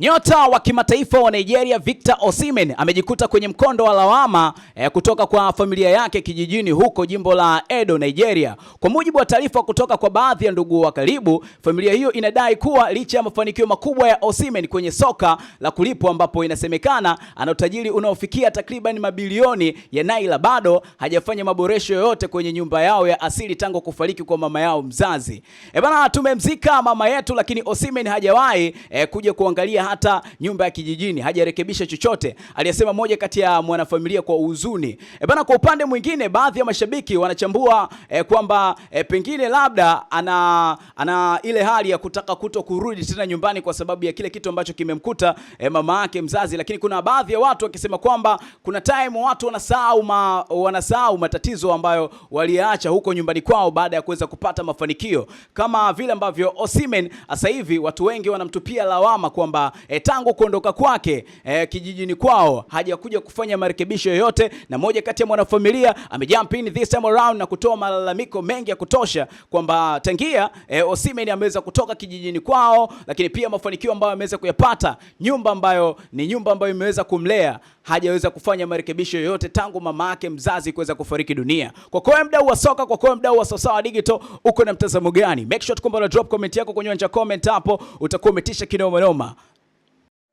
Nyota wa kimataifa wa Nigeria Victor Osimhen amejikuta kwenye mkondo wa lawama eh, kutoka kwa familia yake kijijini huko jimbo la Edo, Nigeria. Kwa mujibu wa taarifa kutoka kwa baadhi ya ndugu wa karibu, familia hiyo inadai kuwa licha ya mafanikio makubwa ya Osimhen kwenye soka la kulipwa, ambapo inasemekana ana utajiri unaofikia takriban mabilioni ya naira, bado hajafanya maboresho yoyote kwenye nyumba yao ya asili tangu kufariki kwa mama yao mzazi. E bana, tumemzika mama yetu, lakini Osimhen hajawahi eh, kuja kuangalia hata nyumba ya kijijini, hajarekebisha chochote, aliyesema moja kati ya mwanafamilia kwa huzuni. E bana, kwa upande mwingine, baadhi ya mashabiki wanachambua e, kwamba e, pengine labda ana, ana ile hali ya kutaka kuto kurudi tena nyumbani kwa sababu ya kile kitu ambacho kimemkuta e, mama yake mzazi, lakini kuna baadhi ya watu wakisema kwamba kuna time watu wanasahau ma, wanasahau matatizo ambayo waliacha huko nyumbani kwao baada ya kuweza kupata mafanikio kama vile ambavyo Osimen, sasa hivi watu wengi wanamtupia lawama kwamba e, tangu kuondoka kwake e, kijijini kwao hajakuja kufanya marekebisho yoyote, na moja kati ya mwanafamilia amejump in this time around na kutoa malalamiko mengi ya kutosha kwamba tangia e, Osimhen ameweza kutoka kijijini kwao, lakini pia mafanikio ambayo ameweza kuyapata, nyumba ambayo ni nyumba ambayo imeweza kumlea, hajaweza kufanya marekebisho yoyote tangu mama yake mzazi kuweza kufariki dunia. Kwa kwa mdau wa soka, kwa kwa mdau wa Sawasawa Digital, uko na mtazamo gani? Make sure tukumbana drop comment yako kwenye anja comment hapo, utakuwa umetisha kinoma noma.